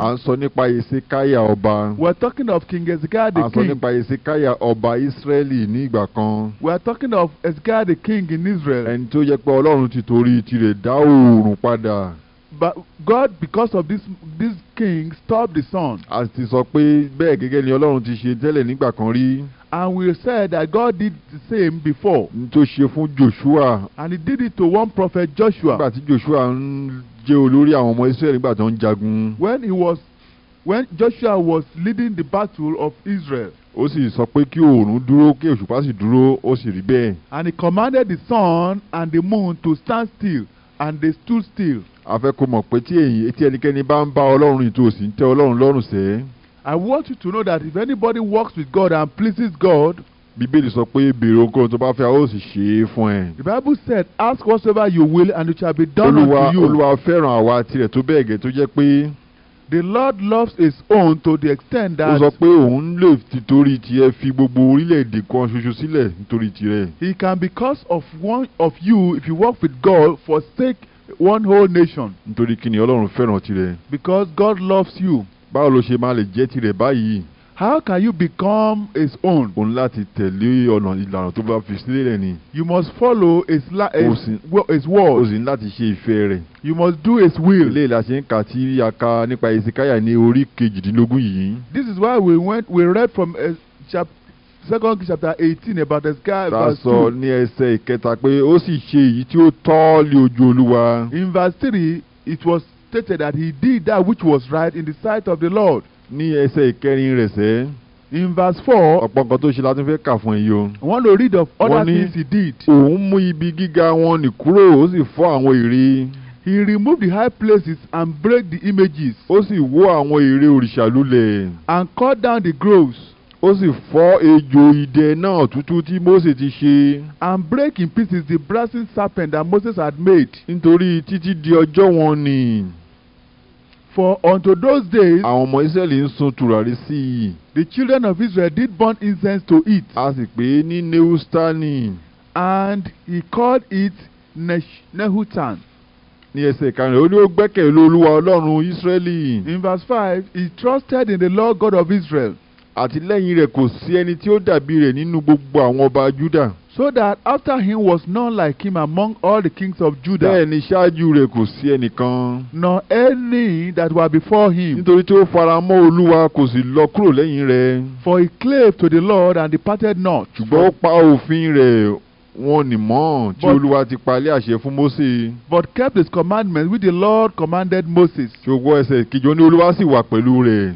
à ń sọ nípa ìsíkáyà ọba. we are talking of King Hezekiah the king. à ń sọ nípa ìsíkáyà ọba Ísírẹ́lì ní ìgbà kan. we are talking of Hezekiah the king in Israel. ẹni tó yẹ pé Ọlọ́run ti torí tirẹ̀ dá oòrùn padà. But God because of this this king stopped the sun. a ti sọ pé bẹ́ẹ̀ gẹ́gẹ́ ni Ọlọ́run ti ṣe tẹ́lẹ̀ nígbà kan rí. And we said that God did the same before. N tó ṣe fún Joshua. And he did it to one prophet Joshua. Nígbà tí Joshua ń jẹ́ olórí àwọn ọmọ Israẹli nígbà tó ń jagun. When he was when Joshua was leading the battle of Israel. Ó sì sọ pé kí oòrùn dúró kí òṣùpá sì dúró ó sì rí bẹ́ẹ̀. And he commanded the sun and the moon to stand still and they stood still. A fẹ́ kó mọ̀ pé tí ẹnikẹ́ni bá ń bá Ọlọ́run ìtòsí ń tẹ́ Ọlọ́run lọ́rùn sẹ́ẹ́. I want you to know that if anybody works with God and pleases God. Bíbélì sọ pé béèrè ohunkóhun tó bá fẹ́ ó sì ṣe é fún ẹ. The Bible said ask whatever you will and it shall be done Olúwa, unto you. Olúwa fẹ́ràn àwa tirẹ̀ tó bẹ́ẹ̀ gẹ́ tó jẹ́ pé. The Lord loves his own to the extent that. ó sọ pé òun lè tìtorí tiẹ̀ fi gbogbo orílẹ̀-èdè kan ṣoṣo sílẹ̀ nítorí tirẹ̀. He can because of one of you if you work with God forsake one whole nation. nítorí kí ni Ọlọ́run fẹ́ràn tirẹ̀. Because God loves you báwo ló ṣe máa lè jẹ́ tirẹ̀ báyìí. how can you become his own. o láti tẹ̀lé ọ̀nà ìlànà tó bá fi sílẹ̀ ni. you must follow his la his, word. o sì ní láti ṣe ìfẹ́ rẹ̀. you must do his will. ilé ìlàṣẹ ń kà tí a nípa Èsìkáyà ní orí kejìdínlógún yìí. this is why we went we read from eh, chapter second chapter eighteen about the sky verse two. sọ ní ẹsẹ̀ ìkẹta pé ó sì ṣe èyí tí ó tọ́ lé ojú Olúwa. in verse three it was stated that he did that which was right in the sight of the Lord. ní ẹsẹ̀ ìkẹrin rẹ̀ sẹ́. in verse four. ọ̀pọ̀ nǹkan tó ṣe la tún fẹ́ kà fún yìí wọ́n lò read of other things he did. òun mú ibi gíga wọn nì kúrò ó sì fọ́ àwọn ère. he removed the high places and break the images. ó sì wó àwọn ère òrìṣà lulẹ̀. and cut down the groves. ó sì fọ́ ejò idẹ náà tútú tí Mósè ti ṣe. and break in pieces the brazen serpent that Moses had made. nítorí títí di ọjọ́ wọn ni. For unto those days. àwọn ọmọ Israẹli ń sun tùràrí sí i. The children of Israel did burn incense to it. a sì pè é ní Nehushtan. And he called it Nehushtan. ní ẹsẹ̀ ìkarùn ó ní ó gbẹ́kẹ̀lé Olúwa Ọlọ́run Israẹli. In verse five he trusted in the Lord God of Israel àti lẹ́yìn rẹ̀ kò sí ẹni tí ó dàbí rẹ̀ nínú gbogbo àwọn ọba Júdà. So that after him was none like him among all the kings of Judah. Bẹ́ẹ̀ ṣáájú rẹ̀ kò sí ẹnìkan. Nor any that were before him. Nítorí tí ó fara mọ́ Olúwa kò sì lọ kúrò lẹ́yìn rẹ̀. For he clave to the Lord and departed not. Ṣùgbọ́n ó pa òfin rẹ̀ wọn ni mọ̀ tí olúwa ti palẹ̀ àṣẹ fún Mósè. but kept his commandments which the Lord commanded Moses. ṣùgbọ́n ẹsẹ̀ kejì ó olúwa sì wà pẹ̀lú rẹ̀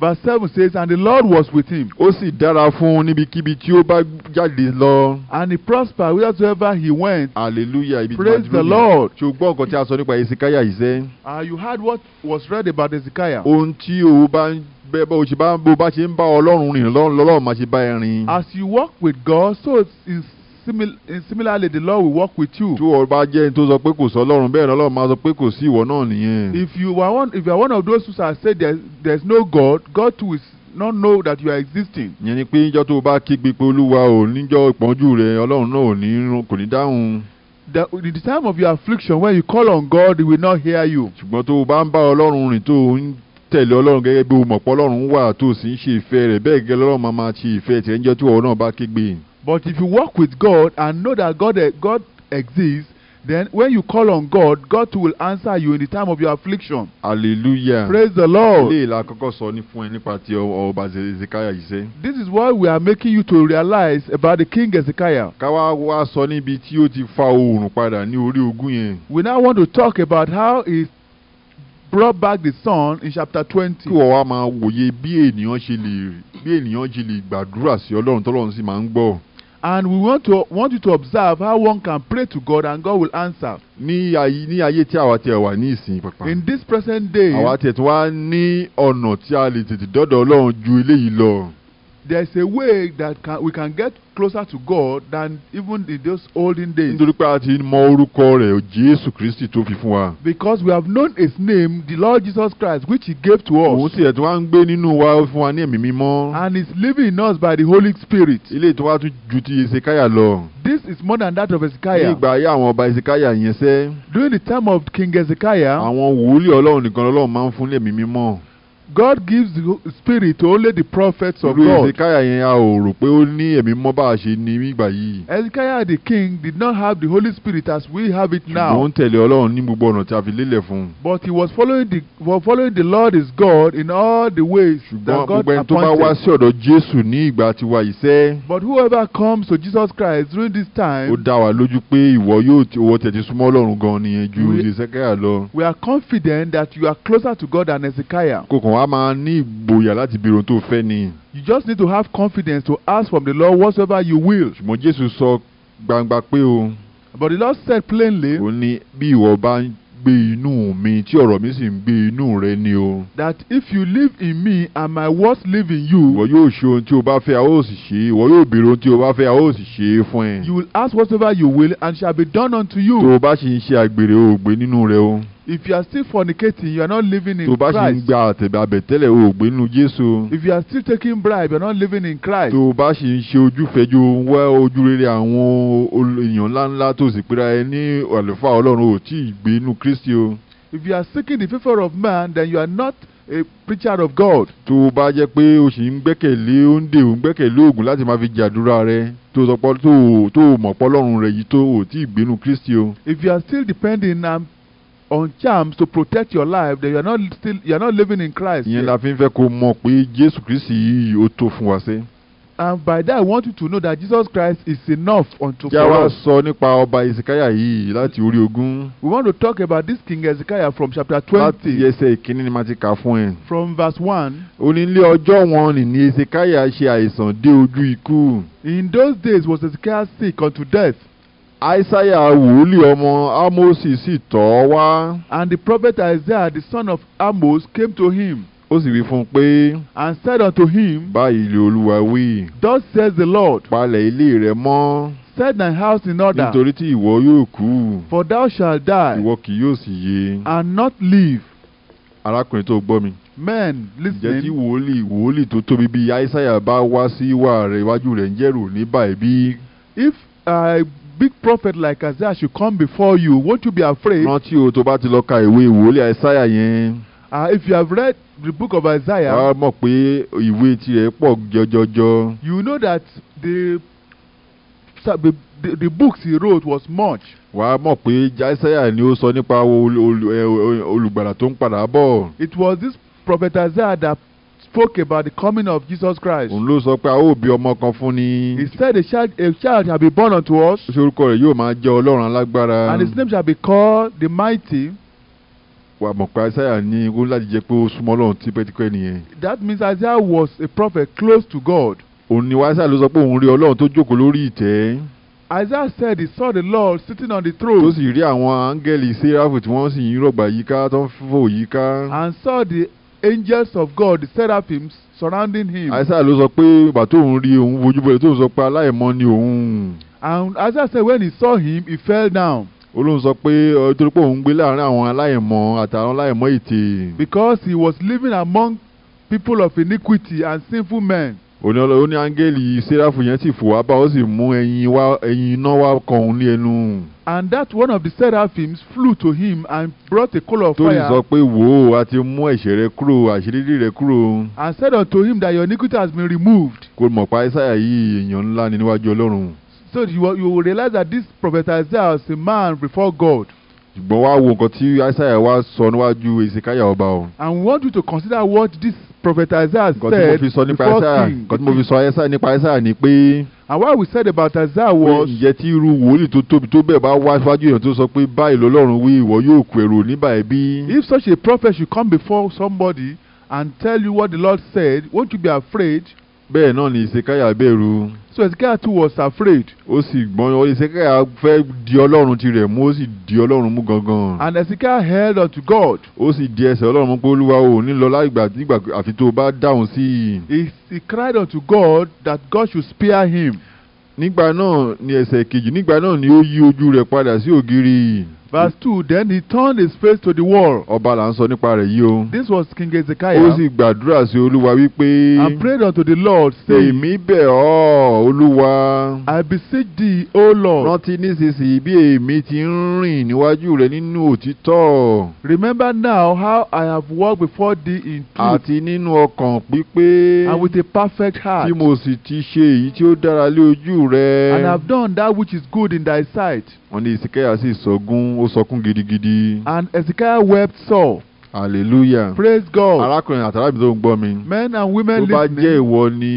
verse seven says and the Lord was with him. ó sì dára fún un níbikíbi tí ó bá jáde lọ. and he prospered whithersoever he went. hallelujah ibi tí wàá dúró praise the Lord. ṣùgbọ́n nǹkan tí a sọ nípa Hezekiah yìí sẹ́. ah you heard what was read about Ezekiah. ohun tí o bá ń bẹ́ẹ̀ bó ṣe bá ń bá Ọlọ́run rìn lọ́lọ́run máa ṣe bá ẹ rìn. as you walk with God so is Eh, similarly the Lord will work with you. tí o bá jẹ́ ẹni tó sọ pé kò sọ Ọlọ́run bẹ́ẹ̀ ni Ọlọ́run máa sọ pé kò sí ìwọ náà nìyẹn. if you are one if you are one of those who say there there is no God God too is not know that you are existing. yẹn ni pé níjọ́ tó o bá kígbe pé Olúwa ò níjọ́ ìpọ́njú rẹ Ọlọ́run náà ò ní kò ní dáhùn. The, the time of your affliction when you call on God he will not hear you. ṣùgbọ́n tó o bá ń bá Ọlọ́run rìn tó o ń tẹ̀lé ọlọ́run gẹ́gẹ́ bí o mọ̀ ọlọ́run wà tó o sì ń ṣe ìfẹ́ rẹ̀ bẹ́ẹ̀ gẹ́gẹ́ lọ́run máa máa ṣe ìfẹ́ tìrẹ́ńjọ́ tí ọ̀rọ̀ náà bá kígbe. But if you walk with God and know that God, eh, God exists, then when you call on God, God will answer you in the time of your affliction. Hallelujah. Praise the Lord. This is why we are making you to realize about the king Ezekiah. We now want to talk about how he brought back the son in chapter twenty. and we want to want you to observe how one can pray to God and God will answer. ní ayé ní ayé tí àwa tiẹ̀ wà ní ìsìn pàpà. in this present day. àwa tiẹ̀ tí wàá ní ọ̀nà tí a lè tètè dọ́dọ̀ Ọlọ́run ju eléyìí lọ there is a way that can, we can get closer to God than even in those olden days. nítorí pé a ti mọ orúkọ rẹ̀ Jésù Kristi tó fi fún wa. because we have known his name the Lord Jesus Christ which he gave to us. òun sì ẹ̀tún wá ń gbé nínú wa fún wa ní ẹ̀mí mímọ́. and he is living in us by the Holy Spirit. ilé ìtura tún ju ti Ezekiah lọ. this is more than that of Ezekiah. ní ìgbà ayé àwọn ọba Ezekiah yẹn sẹ́. during the time of King Ezekiah. àwọn wòlíì Ọlọ́run nìkan Ọlọ́run máa ń fún ní ẹ̀mí mímọ́. God gives the spirit to only the prophets of God. irú Ezekiah yẹn a ò rò pé ó ní ẹ̀mí mọ́ bá a ṣe ní nígbà yìí. Ezekiah the king did not have the Holy Spirit as we have it now. ṣùgbọ́n ó ń tẹ̀lé Ọlọ́run ní gbogbo ọ̀nà tí a fi lélẹ̀ fún un. but he was following the was following the Lord his God in all the ways that God appointed. ṣùgbọ́n gbogbo ẹni tó bá wá sí ọ̀dọ̀ Jésù ní ìgbà tiwa yìí sẹ́. but whoever comes to Jesus Christ during this time. ó dá wa lójú pé ìwọ yóò owó tẹ̀tí súnmọ́ Ọlọ́run gan-an we are confident that you are closer to God than Ezekiah wàá máa ní ìgboyà láti bèrò tó fẹ́ ni. you just need to have confidence to ask from the Lord whatever you will. ṣùgbọ́n Jésù sọ gbangba pé o. but the Lord said plainly. ó ní bí ìwọ bá ń gbé inú mi tí ọ̀rọ̀ mi sì ń gbé inú rẹ ni o. that if you live in me and my words live in you. ìwọ yóò ṣe ohun tí o bá fẹ́ a ó sì ṣe é ìwọ yóò béèrè ohun tí o bá fẹ́ a ó sì ṣe é fún ẹ. you will ask whatever you will and shall be done unto you. tó o bá sì ń ṣe àgbèrè o nínú rẹ o. If you are still fornicating, you are not living in Christ. tó bá ṣì ń gba àtẹ̀bẹ̀ àbẹ̀tẹ́lẹ̀ o nínú Jésù. If you are still taking bribe, you are not living in Christ. tó bá ṣì ń ṣe ojúfẹ́jọ wá ojú rere àwọn èèyàn ńláńlá tó sì pera ẹ ní àlùfáà Ọlọ́run ò tí ì gbé nínú Kristi o. If you are seeking the favour of man, then you are not a preacher of God. tó bá jẹ́ pé o sì ń gbẹ́kẹ̀lé oúnjẹ ò ń gbẹ́kẹ̀lé oògùn láti máa fi jàdúrà rẹ tó tó o rẹ yìí tó o tí ì gbénu Kristi o. If you are still depending on on charms to protect your life that you are not still you are not living in Christ. ìyẹn la fi ń fẹ́ kó mọ̀ pé Jésù Kristi yìí ó tó fún wa ṣe. and by that I want you to know that Jesus Christ is enough unto for us. kí sọ nípa ọba Hezekiah yìí láti orí ogún. we want to talk about this king Ezekiah from chapter twenty. láti ẹsẹ̀ ìkíní ni màá ti kà fún ẹ. from verse one. ó ọjọ́ wọn ni ni Hezekiah ṣe àìsàn dé ojú ikú. in those days was Hezekiah sick unto death. Isaiah wòlíì ọmọ Amosi sì tọ̀ wá. And the prophet Isaiah the son of Amos came to him. Ó sì wí fún un pé. And said unto him. Báyìí ni Olúwa wí. Thus says the Lord. Palẹ̀ ilé rẹ mọ́. Set thy house in order. Nítorí tí ìwọ yóò kú. For thou shalt die. Ìwọ kì yóò sì yè. And not live. Arákùnrin tó gbọ́ mi. Men listening. Ǹjẹ́ tí wòlíì wòlíì tó tóbi bíi Isaiah bá wá sí ìwà rẹ̀ iwájú rẹ̀ ń jẹ́rù ní báyìí bí. If I big prophet like Isaiah should come before you won't you be afraid. rántí o tó bá ti lọ ka ìwé ìwòlẹ̀ Isaiah yẹn. Ah, if you have read the book of Isaiah. wàá mọ̀ pé ìwé tirẹ̀ pọ̀ jọjọjọ. you know that the the, the, books he wrote was much. wà á mọ̀ pé Isaiah ni ó sọ nípa olùgbàlà tó ń padà bọ̀. it was this prophet Isaiah that spoke about the coming of Jesus Christ. òun ló sọ pé a ó bí ọmọ kan fún ni. he said a child a child shall be born unto us. ó ṣe orúkọ rẹ̀ yóò máa jẹ́ ọlọ́run alágbára. and his name shall be called the mighty. wà mọ̀ pé Isaiah ní owó láti jẹ́ pé ó súnmọ́ ọlọ́run tipẹ́tipẹ́ nìyẹn. that means Isaiah was a prophet close to God. òun ni wàásà ló sọ pé òun rí ọlọ́run tó jókòó lórí ìtẹ́. Isaiah said he saw the Lord sitting on the throne. tó sì rí àwọn áńgẹ́lì sẹ́ráfù tí wọ́n sì ń rọ̀gbà yíká tó ń fò yíká. and saw the angels of God seraphims surrounding him. Àìsà ló sọ pé ìgbà tó ń rí òun wojú bọ̀lẹ̀ tó ń sọ pé aláìmọ́ ni òun. And Isaiah said when he saw him he fell down. Olóhùn sọ pé torí pé òun gbé láàrin àwọn aláìmọ́ àtàwọn aláìmọ́ ètè. Because he was living among people of iniquity and sinful men ó ní áńgẹ́lì yẹn sì fò wá bá ó sì mú ẹyin wá ẹyin iná wá kọ̀ọ̀hún lé ẹnu. and that one of the seraphims flew to him and brought a coal of fire. tóyìn sọ pé wò ó a ti mú ẹ̀ṣẹ̀ rẹ kúrò àṣírí rẹ kúrò. and said unto him that your iniquity has been removed. kò mọ̀ pa Isaiah yìí èèyàn ńlá ni níwájú Ọlọ́run. so you, you will realize that this prophet Isaiah was a man before God ṣùgbọ́n wá wo nǹkan tí Isaiah wá sọ níwájú Hesekiah ọba o. and we want you to consider what this prophet isaiah said before king. nǹkan tí mo fi sọ ẹsà nípa ẹsà ni pé. and what we said about isaiah was. pé ǹjẹ́ tí irú wòlíì tó tóbi tó bẹ́ẹ̀ bá wá síwájú èèyàn tó sọ pé báyìí lọ́lọ́run wí ìwọ yóò kú èrò níbà ẹbí. if such a prophet should come before somebody and tell you what the lord said won't you be afraid. bẹ́ẹ̀ náà ni ìsekáyà bẹ̀rù. so ìsekáyà too was afraid. ó sì gbọ́n ìsekáyà fẹ́ di ọlọ́run tirẹ̀ mú ó sì di ọlọ́run mú gangan. and ìsekáyà held unto God. ó sì di ẹsẹ̀ ọlọ́run mú pé olúwa ò ní lọ láìgbà nígbà àfi tó bá dáhùn sí i. he cried unto God that God should spare him. nígbà náà ni ẹsẹ̀ kejì nígbà náà ni ó yí ojú rẹ̀ padà sí ògiri verse two then he turned his face to the wall. ọba là ń sọ nípa rẹ̀ yìí o. this was king Hezekiah. ó sì gbàdúrà sí olúwa wípé. and prayed unto the lord saying. èmi bẹ̀ ọ́ olúwa. I beseech thee O lord. rántí nísinsìnyí bí èmi ti ń rìn níwájú rẹ nínú òtítọ́. remember now how I have walked before thee in truth. àti nínú ọkàn pípé. and with a perfect heart. tí mo sì ti ṣe èyí tí ó dára lé ojú rẹ. and I have done that which is good in thy sight. wọ́n ní ìsìkẹ́yà sì sọgún ó sọkún gidigidi. and Hezekiah wept so. hallelujah praise God. arákùnrin àtàràbí tó ń gbọ́ mi. men and women listening. tó bá jẹ́ ìwọ ni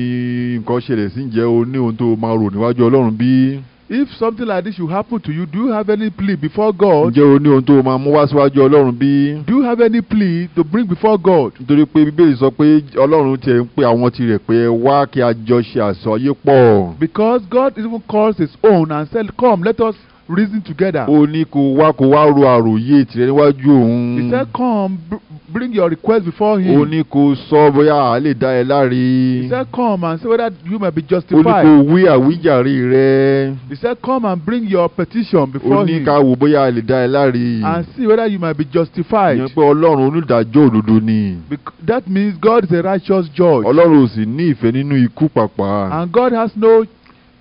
nǹkan ṣẹlẹ̀ sí ǹjẹ́ o ní ohun tó máa rò níwájú Ọlọ́run bí. if something like this should happen to you do you have any plea before God. ǹjẹ́ o ní ohun tó máa mú wá síwájú Ọlọ́run bí. do you have any plea to bring before God. nítorí pé bíbélì sọ pé Ọlọ́run tiẹ̀ ń pe àwọn tirẹ̀ pé wá kí a jọ ṣe àsọyé pọ̀. because God even calls his own and said come let us reason together. ó ní kó wá kó wá ro àròyé tirẹ̀ níwájú òun. he said come bring your request before him. ó ní kó sọ bóyá a lè dá ẹ láre. he said come and say whether you may be justified. ó ní kó wí àwíjàre rẹ. he said come and bring your petition before him. ó ní ká wò bóyá a lè dá ẹ láre. and see whether you may be justified. ìyẹn pé ọlọ́run onídàájọ́ òdodo ni. that means God is a righteous judge. ọlọ́run ò sì ní ìfẹ́ nínú ikú pàpà. and God has no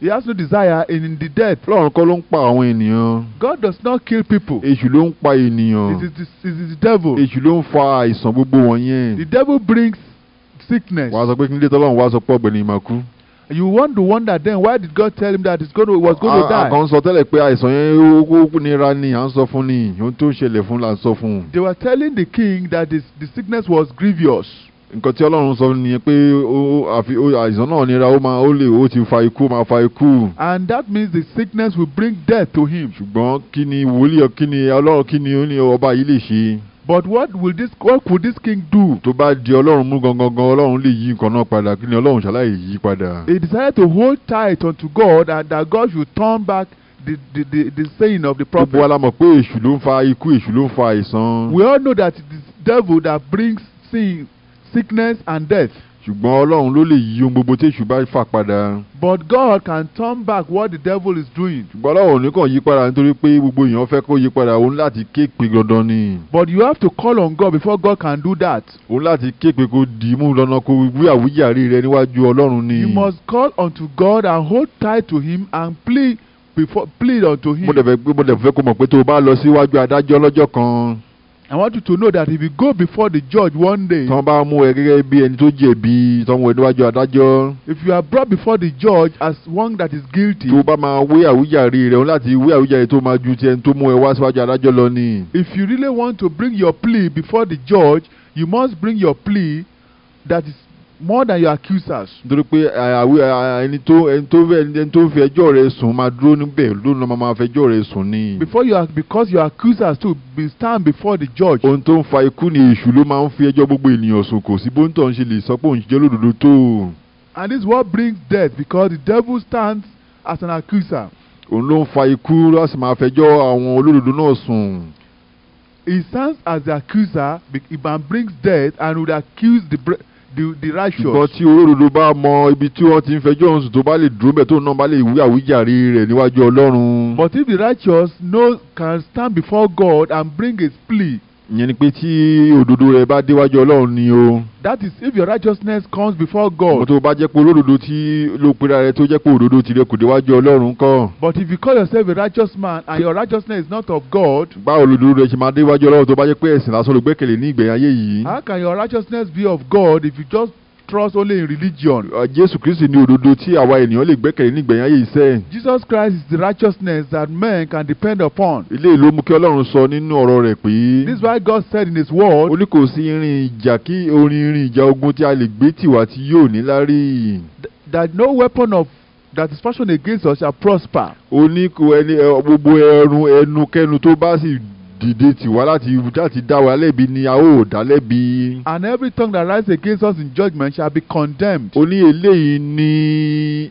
He has no desire in the dead. Ọlọ́run kọ́ ló ń pa àwọn ènìyàn. God does not kill people. Èṣù ló ń pa ènìyàn. It is the, it is the devil. Èṣù ló ń fa àìsàn gbogbo wọ̀nyẹn. The devil brings sickness. Wàá sọ pé kí n dé tọ́lọ́run wá sọ pé ọ̀gbẹ́ni máa You want to wonder then why did God tell him that he was going to die? Àkàn sọ tẹ́lẹ̀ pé àìsàn yẹn ó nira ni à ń sọ fún ni ohun tó ń ṣẹlẹ̀ fún la ń sọ fún. They were telling the king that his, the sickness was grievous nǹkan tí ọlọ́run sọ nìyẹn pé àìsàn náà nira ó máa ó lè ó ti fa ikú máa fa ikú. and that means the sickness will bring death to him. ṣùgbọ́n kí ni wòlíì kí ni ọlọ́run kí ni ọba yìí lè ṣe. But what will this what could this king do? Tó bá di Ọlọ́run mú gangan Ọlọ́run lè yí nǹkan náà padà kí ni Ọlọ́run ṣàlàyé yí padà. He decided to hold tight unto God and that God should turn back the the the, the saying of the prophet. Gbogbo wa la pé èṣù ló ń fa ikú èṣù ló ń fa àìsàn. We all know that it is devil that brings sin sickness and death. ṣùgbọ́n ọlọ́run ló lè yí ohun gbogbo tí èṣù bá fà padà. but God can turn back what the devil is doing. ṣùgbọ́n ọlọ́run ní kàn yí padà nítorí pé gbogbo èèyàn fẹ́ kó yí padà òun láti ké dandan ni. but you have to call on God before God can do that. òun láti ké kó dì mú lọ́nà kó wí àwíjàre rẹ níwájú ọlọ́run ni. you must call unto God and hold tight to him and plead before plead unto him. mo dẹ̀ fẹ́ kó mọ̀ pé tó o bá lọ síwájú adájọ́ lọ́jọ́ kan. I want you to know that if you go before the judge one day. tọ́ bá mú ẹ gẹ́gẹ́ bí ẹni tó jẹ̀bi tọ́ mú ẹ níwájú adájọ́. if you are brought before the judge as one that is guilty. tó bá máa wé àwíjàre rẹ̀ òun láti wé àwíjàre tó máa ju ti ẹni tó mú ẹ wá síwájú adájọ́ lọ ni. if you really want to bring your plea before the judge you must bring your plea that is more than your accusers. nítorí pé ẹni tó ẹni tó ẹni tó fi ẹjọ́ rẹ̀ sùn máa dúró níbẹ̀ ló máa fi ẹjọ́ rẹ̀ sùn ni. before you because your accusers too be stand before the judge. ohun tó ń fa ikú ni èṣù ló máa ń fi ẹjọ́ gbogbo ènìyàn sùn kò sí bó ń tàn ṣe lè sọ pé òun jẹ́ lódodo tó. and this is what brings death because the devil stands as an accuser. òun ló ń fa ikú láti máa fẹjọ́ àwọn olódodo náà sùn. he stands as the accuser he man brings death and would accuse the the righteous. ṣùgbọ́n tí olódodo bá mọ ibi tí wọ́n ti ń fẹjọ́ ọ̀hún sùn tó bá lè dúró bẹ́ẹ̀ tó náà bá lè wí àwíjàre rẹ̀ níwájú ọlọ́run. but if the righteous no can stand before God and bring his plea ìyẹn ni pé tí òdodo rẹ bá déwájú ọlọ́run ni o. that is if your righteousness comes before God. mo tó bá jẹ́ pé olódodo tí ló pera rẹ tó jẹ́ pé òdodo tirẹ̀ kò déwájú ọlọ́run kọ́. but if you call yourself a righteous man and your righteousness is not of God. báwo lòdodo rẹ ṣe máa déwájú ọlọ́run tó bá jẹ́ pé ẹ̀sìn lásán ló gbẹ́kẹ̀lé ní ìgbẹ̀yìn ayé yìí. how can your righteousness be of God if you just trust only in religion. Uh, Jésù Kristi ni òdodo tí àwa ènìyàn lè gbẹ́kẹ̀lé nígbẹ̀yìn ayé iṣẹ́. Jesus Christ is the righteousness that men can depend upon. Ilé ìlú mú Ọlọ́run sọ nínú ọ̀rọ̀ rẹ̀ pé. This is why God said in his word. Ó ní kò sí irin ìjà kí orin irin ìjà ogun tí a lè gbé tìwá tí yóò ní lárí. That no weapon of that is fashioned against us shall prosper. ó ní kò ẹni gbogbo ẹrun ẹnukẹ́nu tó bá sì dìde tì láti láti dá wa lẹ́bi ni a ó dá lẹ́bi. and every tongue that rises against us in judgment shall be condemned. ó eléyìí ní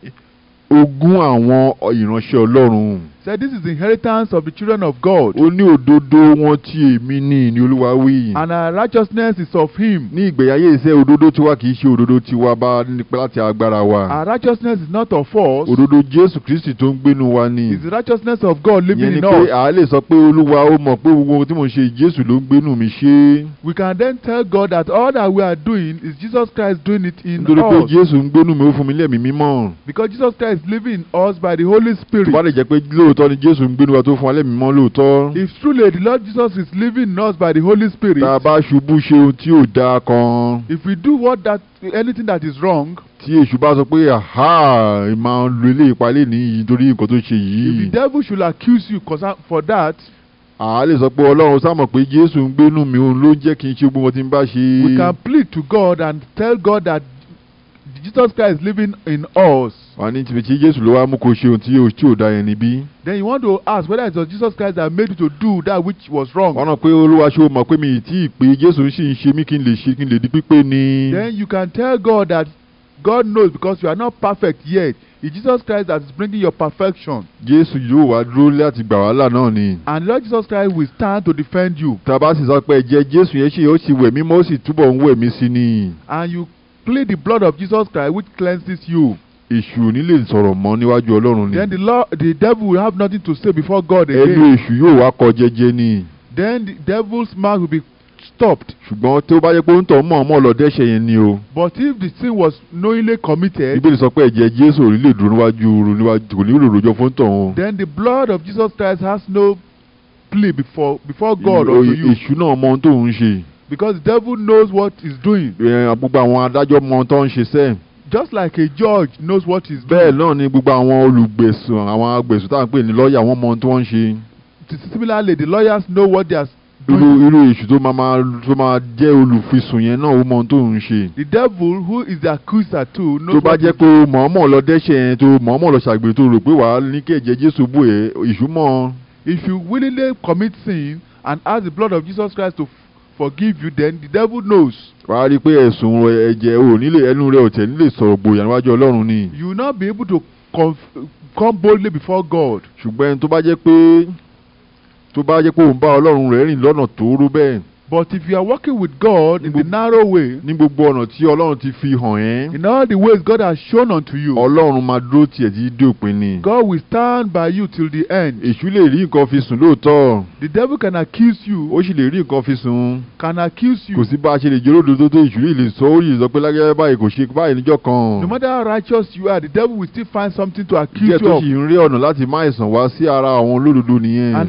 ogún àwọn ìránṣẹ́ Ọlọ́run said this is the inheritance of the children of God. ó ní òdodo wọn tí èmi ní ni olúwa wí. and our righteousness is of him. ní ìgbéyàyé iṣẹ́ òdodo tiwa kì í ṣe òdodo tiwa bá nípa láti agbára wa. our righteousness is not of us. òdodo Jésù Kristi tó ń gbénu wa ni. is the righteousness of God living in us. yẹn ni pé àá sọ pé olúwa ó mọ̀ pé gbogbo ohun tí mo ṣe Jésù ló ń gbénu mi ṣe. we can then tell God that all that we are doing is Jesus Christ doing it in Ndori us. nítorí pé Jésù ń gbénu mi ó fún mi lẹ́mìí mímọ́. because Jesus Christ living in us by the Holy Spirit. tó bá lè jẹ́ pé lóò lóòótọ́ ni Jésù ń gbénu wa tó fún wa lẹ́mìí mọ́ lóòótọ́. If truly the Lord Jesus is living in us by the Holy Spirit. tá a bá ṣubú ṣe ohun tí ò dáa kan. If we do what that anything that is wrong. tí èṣù bá sọ pé aha máa lu ilé ìpalẹ́ nìyí nítorí nǹkan tó ṣe yìí. If the devil should accuse you for that a lè sọ pé ọlọ́run sámọ̀ pé jésù ń gbénú mi òun ló jẹ́ kí n ṣe gbogbo tí n bá ṣe. we can plead to God and tell God that Jesus Christ living in us. wà ní tìbí tí Jésù ló wá mú kó ṣe ohun tí o dá yẹn níbí. then you want to ask whether it's Jesus Christ that made you to do that which was wrong. ọ̀nà pé olúwa ṣe o mọ̀ pé mi ì tí ì pé Jésù sì ń ṣe mí kí n lè ṣe kí n lè di pípé ni. then you can tell God that God knows because you are not perfect yet. It's Jesus Christ that is bringing your perfection. Jésù yóò wá dúró láti gbà wàhálà náà ni. And Lord Jesus Christ will stand to defend you. Tá sọ pé ẹ̀jẹ̀ Jésù yẹn ṣe yóò sì wẹ̀ mọ́ ó sì túbọ̀ ń wẹ̀ sí ni. And you plead the blood of Jesus Christ which cleanses you. èṣù ò ní sọ̀rọ̀ mọ́ níwájú ọlọ́run ni. then the law the devil will have nothing to say before God again. ẹnu èṣù yóò wá kọ jẹ́jẹ́ ni. then the devil's mouth will be stopped. ṣùgbọ́n tí ó bá yẹ pé ń tọ́ mọ̀ ọmọ ọlọ́dẹ́ṣẹ̀ yẹn ni o. but if the sin was knowingly committed. sọ pé ẹ̀jẹ̀ jésù ò dúró níwájú níwájú kò ní fún then the blood of Jesus Christ has no plea before before God or you. èṣù náà mọ ohun tó ń ṣe. because the devil knows what he's doing. gbogbo àwọn adájọ́ mọ tó ń ṣe sẹ́ẹ̀. just like a judge knows what he's doing. bẹ́ẹ̀ náà ni gbogbo àwọn olùgbèsùn àwọn agbèsùn tá pè ní lọ́ọ̀yà wọ́n mọ tó ń ṣe. similarly the lawyers know what they are doing. irú èṣù tó máa tó máa jẹ́ olùfisùn yẹn náà ó mọ ohun tó ń ṣe. the devil who is the accuser too. tó bá jẹ́ pé mọ̀ọ́mọ̀ lọ dẹ́ṣẹ̀ yẹn tó mọ̀ọ́mọ̀ lọ ṣàgbèrè if you willingly commit sin and ask the blood of Jesus Christ to forgive you then the devil knows. wà á rí i pé ẹ̀sùn ẹ̀jẹ̀ ò nílé ẹnu rẹ̀ ọ̀tẹ̀ nílé sọ̀rọ̀ gbòòyà níwájú Ọlọ́run ni. you will not be able to come boldly before God. ṣùgbọ́n tó bá jẹ́ pé tó bá jẹ́ pé òun bá Ọlọ́run rẹ̀ rìn lọ́nà tóóró bẹ́ẹ̀ But if you are working with God in the narrow way, In all the ways God has shown unto you. God will stand by you till the end. The devil can accuse you. Can accuse you. sọ No matter how righteous you are, the devil will still find something to accuse you of. And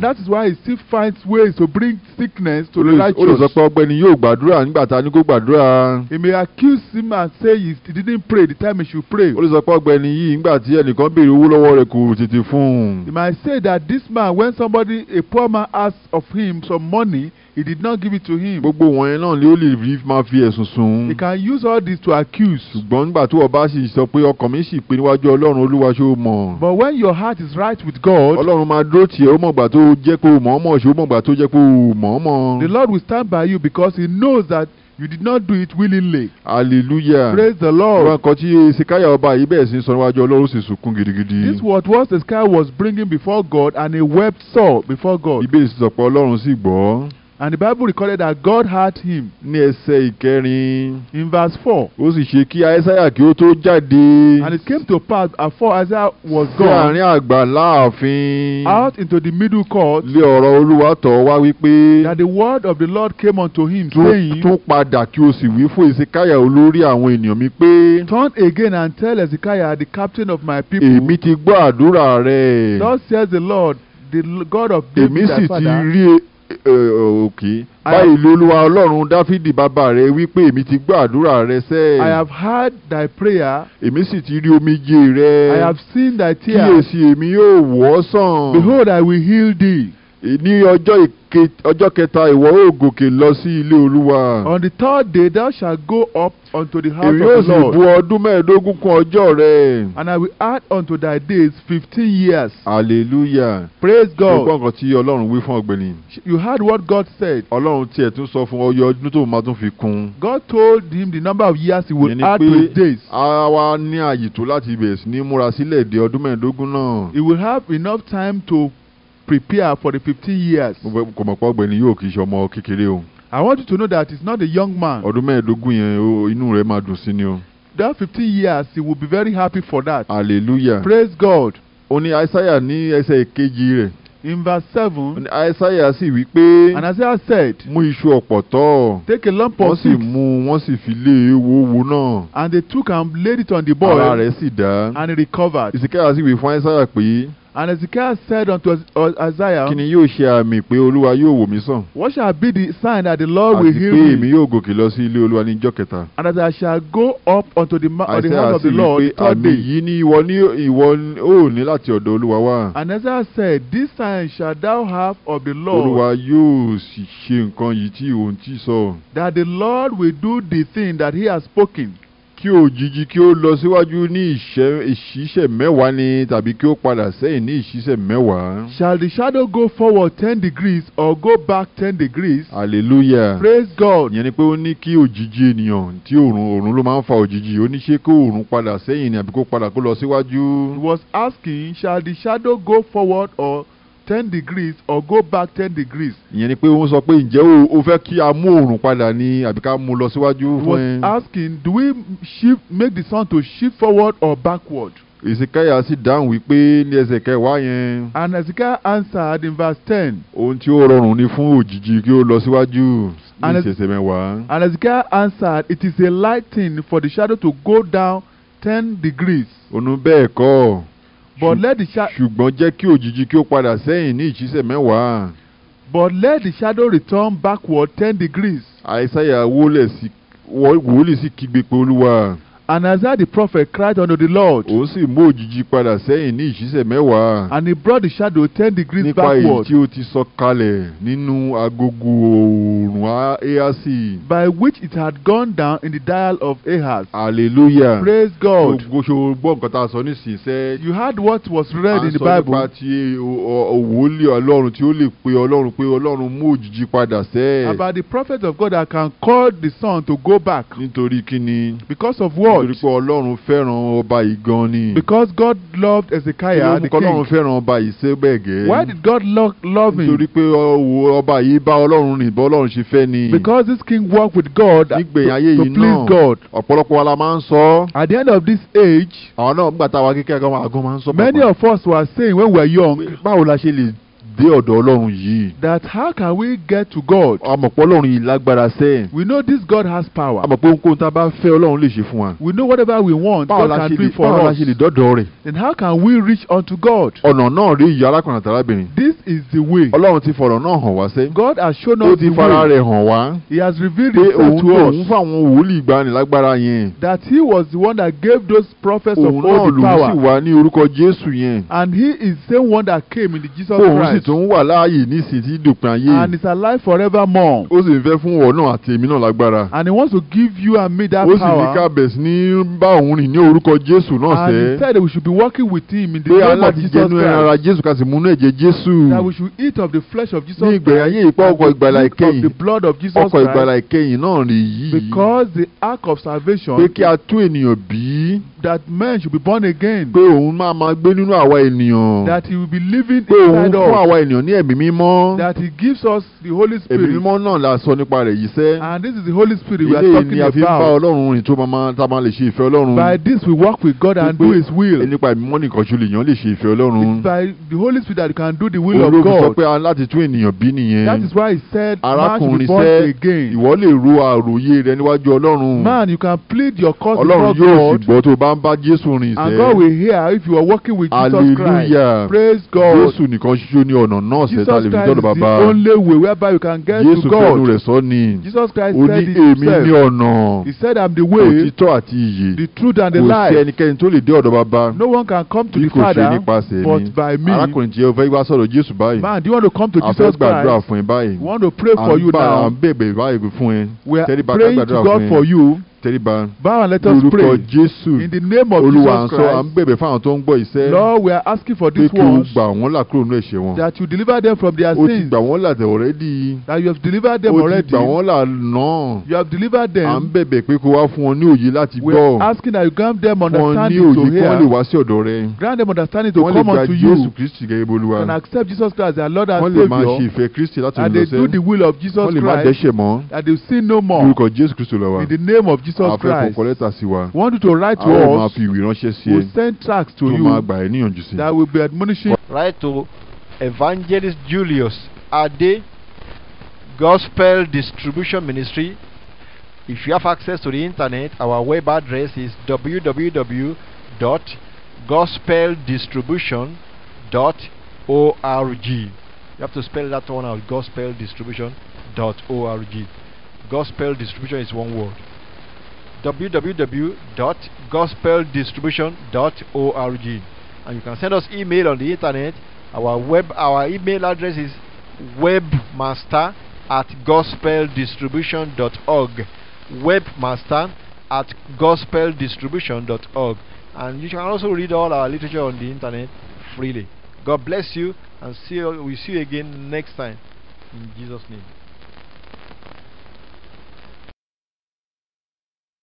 that is why he still finds ways to bring sickness to the righteous. Paul sọ pé ọ̀gbẹ́ni yóò gbàdúrà nígbà tá a ní kó gbàdúrà. he may accuse him and say he didn't pray the time he should pray. ó lè sọ pé ọ̀gbẹ́ni yìí nígbà tí ẹnìkan béèrè owó lọ́wọ́ rẹ̀ kò tètè fún un. he might say that this man when somebody a poor man asks of him some money He did not give it to him. Gbogbo wọ̀nyẹn náà ni ó lè rí máa fi ẹ̀sùn sùn. He can use all this to accuse. Ṣùgbọ́n nígbà tí ọba sì sọ pé ọkàn mi sì pé níwájú Ọlọ́run Olúwa ṣó mọ̀. But when your heart is right with God. Ọlọ́run máa dúró tiẹ̀ ó mọ̀gbà tó jẹ́ pé o mọ̀ ọ́ mọ̀ ṣó tó jẹ́ pé o mọ̀ ọ́ The Lord will stand by you because he knows that you did not do it willingly. hallelujah praise the lord. wọn kọ tí Hesekiah ọba yìí bẹ̀rẹ̀ sí sọ níwájú Ọlọ́run sì sunkún gidigidi. this was the sky was bringing before God and he wept sore before God. Ìbéèrè sì Ọlọ́run sì gbọ́. And the Bible recorded that God had him. Ní ẹsẹ̀ ìkẹrin. In verse four. Ó sì ṣe kí kí ó tó jáde. And it came to pass before Isaiah was gone. Sí àárín Out into the middle court. Lé ọ̀rọ̀ Olúwa tọ̀ wá wípé. That the word of the Lord came unto him saying. Tún padà kí o sì wí fún Ezekiah olórí àwọn ènìyàn mi pé. Turn again and tell Ezekiah the captain of my people. Èmi ti gbọ́ àdúrà rẹ. Thus says the Lord the God of David thy father. Èmi sì ti rí Eh, eh, eh, I have heard thy prayer. I have seen thy tears. Behold, I will heal thee. ní ọjọ́ kẹta ìwọ ó gòkè lọ sí ilé olúwa. on the third day thou shalt go up unto the house of the Lord. èmi yóò sì bu ọdún mẹ́ẹ̀ẹ́dógún kún ọjọ́ rẹ. and I will add unto thy days fifteen years. hallelujah. praise God. gbogbo nǹkan tí ọlọ́run wí fún ọ̀gbẹ́ni. you heard what God said. ọlọ́run tiẹ̀ tún sọ fún ọyọ ọdún tó máa tún fi kún. God told him the number of years he would add to his days. a wá ní àyè tó láti bẹ̀rẹ̀ sí ní múra sílẹ̀ de ọdún mẹ́ẹ̀ẹ́dógún náà. he will have enough time to prepare for the fifty years. mo fẹ́ kọ̀ mọ̀ pé ọ̀gbẹ́ni yóò kì í ṣe ọmọ kékeré o. I want you to know that it's not a young man. ọdún mẹ́ẹ̀ẹ́dógún yẹn inú rẹ̀ máa dùn sí ni o. that fifteen years he will be very happy for that. hallelujah. praise God. ó ní Isaiah ní ẹsẹ̀ ìkejì rẹ̀ in verse seven. Isaiah sì wí pé. and Isaiah said. mú iṣu ọ̀pọ̀tọ́. take a lump of wheat. wọ́n sì mú wọ́n sì fi lé ewúwo náà. and they took and laid it on the boy, ara rẹ̀ sì dá. and he recovered. Ìsìkẹ́yà sì wí fún Isaiah pé. And Ezekiel said unto Isaiah. Kí ni ṣe àmì pé Olúwa yóò wò mí sàn? What shall be the sign that the Lord will heal me? Àti pé èmi yóò gòkè lọ sí ilé Olúwa ní ijọ́ kẹta. And as I shall go up unto the, ma the house of the Lord the third day. Àmì yìí ni ìwọ ni ìwọ ò ní láti ọ̀dọ̀ Olúwa wá. And Isaiah said, This sign shall thou have of the Lord. Olúwa yóò ṣe nǹkan yìí tí òun ti sọ. That the Lord will do the thing that he has spoken kí òjijì kí ó lọ síwájú ní ìṣísẹ̀ mẹ́wàá ni tàbí kí ó padà sẹ́yìn ní ìṣísẹ̀ mẹ́wàá. Shall the shadow go forward ten degrees or go back ten degrees? Hallelujah. Praise God. Ìyẹn ni pé ó ní kí òjijì ènìyàn tí òòrùn òòrùn ló máa ń fa òjijì ó ní ṣé kó òòrùn padà sẹ́yìn ni àbí kó padà kó lọ síwájú. He was asking, shall the shadow go forward or ten degrees or go back ten degrees. ìyẹn ni pé wọ́n sọ pé ǹjẹ́ o o fẹ́ kí a mú oòrùn padà ní àbí ká mú lọ síwájú fún ẹ. he was asking do we shift make the sun to shift forward or backward. Ezekiah sì dáhùn wípé ní ẹsẹ̀ kẹwàá yẹn. and Ezekiah answered in verse ten. ohun tí ó rọrùn ni fún òjìji kí ó lọ síwájú ní ìṣẹ̀ṣẹ̀ mẹ́wàá. and Ezekiah answered it is a light thing for the shadow to go down ten degrees. ònú bẹ́ẹ̀ kọ́. But let the shadow. ṣùgbọ́n jẹ́ kí òjìji kí ó padà sẹ́yìn ní ìṣísẹ̀ mẹ́wàá. But let the shadow return backward ten degrees. Àìsáyà wọlé sí wòlíì sí kígbe pé Olúwa. And Isaiah the prophet cried unto the Lord. oh, sì mú òjìji padà sẹ́yìn ní me, wa. And he brought the shadow ten degrees Nípa backward. Nípa èyí tí ó kalẹ̀ nínú agugu, nwa, Ahasi. By which it had gone down in the dial of Ahaz. Hallelujah. Praise God. Gbogbo gbọ́ nǹkan tá a sọ nísinsẹ́. You heard what was read in the Bible. À About the prophet of God that can call the sun to go back. Nítorí kíni. Because of what? God. nítorí pé Ọlọ́run fẹ́ràn ọba yìí gan ni. because God loved Hezekiah the king. Ọlọ́run fẹ́ràn ọba yìí sẹ́gbẹ̀gẹ́. why did God lo love him. nítorí pé ọba yìí bá Ọlọ́run rìn bọ́ Ọlọ́run ṣe fẹ́ ni. because this king worked with God. nígbẹ̀yìn to please God. ọ̀pọ̀lọpọ̀ wa la máa ń sọ. at the end of this age. àwọn náà nígbà táwa kékeré gan máa ń sọ. many of us were saying when we were young. báwo la ṣe lè dé ọ̀dọ̀ ọlọ́run yìí. that how can we get to God. ọlọ́run yìí lágbára sẹ́yìn. we know this God has power. ohunkóhun tá a bá fẹ́ ọlọ́run lè ṣe fún wa. we know whatever we want God can do for us. la ṣe lè dọ́dọ̀ rẹ̀. then how can we reach unto God. ọ̀nà náà rí ìyá arákùnrin this is the way. ọlọ́run ti fọ̀rọ̀ náà hàn wá God has shown us the way. ó ti fara rẹ̀ hàn wá. he has revealed himself to us. pé that he was the one that gave those prophets of the power. náà and he is the same one that came in the Jesus Christ tún wà láàyè nísìnyí tí ayé. and it's alive forevermore. ó sì ń fẹ́ fún ọ àti èmi náà lágbára. and he wants to give you and me that power. ó sì ní ká bẹ̀sí ní bá òun rìn ní orúkọ Jésù náà sẹ́. and he said that we should be working with him in the name of Jesus Christ. pé aláti jẹnu ara Jésù ká sì múnú ẹ̀jẹ̀ Jésù. that we should eat of the flesh of Jesus Christ. ní ìgbẹ̀yà ayé ìpá ọkọ̀ ìgbàlà because the ark of salvation. that man should be born again. pé òun máa máa gbé nínú àwa ènìyàn. that he will be living inside us. pé òun fún àwa ènìyàn ní ẹ̀mí mímọ́. that he gives us the holy spirit. ẹ̀mí mímọ́ náà la sọ nípa rẹ̀ yìí sẹ́. and this is the holy spirit we are talking about. ilé ọlọ́run rìn tó máa tá a máa lè ṣe ìfẹ́ ọlọ́run. by this we work with God and do his will. nípa ẹ̀mí mímọ́ nìkan ṣe lè lè ṣe ìfẹ́ ọlọ́run. it's by the holy spirit that you can do the will of God. olóògùn sọ pé láti tún ènìyàn bí nìyẹn. that is why he said march again. ìwọ lè ro àròyé rẹ níwájú ọlọ́run. man you can plead your cause before God. ọlọ́run yóò sì gbọ́ tó bá ń bá jésù rìn sẹ́. and God will hear if you are working with God. praise God. ọ̀nà náà ṣe tá a lè fi jọ́dọ̀ bàbá Jésù fẹ́nu rẹ̀ sọ ni ó ní èmi ní ọ̀nà òtítọ́ àti ìyè kò sí ẹnikẹ́ni tó lè dé ọ̀dọ̀ bàbá bí kò ṣe nípasẹ̀ mi arákùnrin tí ó fẹ́ wá sọ̀rọ̀ Jésù báyìí a fẹ́ gbàdúrà fún ẹ báyìí à ń bẹ̀bẹ̀ báyìí fún ẹ tẹ́lifà gbàdúrà fún ẹ tẹríba let us pray lórúkọ Jésù in the name of Olúwa Jesus Christ à ń bẹ̀bẹ̀ fáwọn tó ń gbọ́ iṣẹ́ Lord we are asking for this one pé kí o gbà wọ́n là kúrò nínú ẹ̀ṣẹ̀ wọn that you deliver them from their sins o ti gbà wọ́n là already that you have delivered them already o ti gbà wọ́n là náà you have delivered them à ń bẹ̀bẹ̀ pé kó wá fún wọn ní òye láti gbọ́ we are asking that you grant them understanding to hear wọn ní òye kí wọ́n lè wá sí ọ̀dọ̀ rẹ grant them understanding to you Jésù Kristi gẹ́gẹ́ bí Olúwa and accept Jesus Christ their Lord and Saviour wọ́n lè máa ṣe ìfẹ́ Kristi láti ìlọsẹ́ wọ́n lè do the will of Jesus Christ that they sin no more lórúkọ Jésù Kristi in the name of Jesus. Jesus Christ. àfẹ́ kọ̀ọ̀kan lẹ́tà sí wa. want you to write to us. àwọn máa fi ìwé ránṣẹ́ sí ẹ. we send tracts to you. tó máa gbà ẹ́ níyànjú sí. that will be admonishing. write to Evangelist Julius Ade Gospel Distribution Ministry. If you have access to the internet, our web address is www.gospeldistribution.org. You have to spell that one out gospeldistribution.org. Gospel distribution is one word. www.gospeldistribution.org. And you can send us email on the internet. Our web our email address is webmaster at gospeldistribution.org. Webmaster at gospeldistribution.org. And you can also read all our literature on the internet freely. God bless you and see you, we we'll see you again next time. In Jesus' name.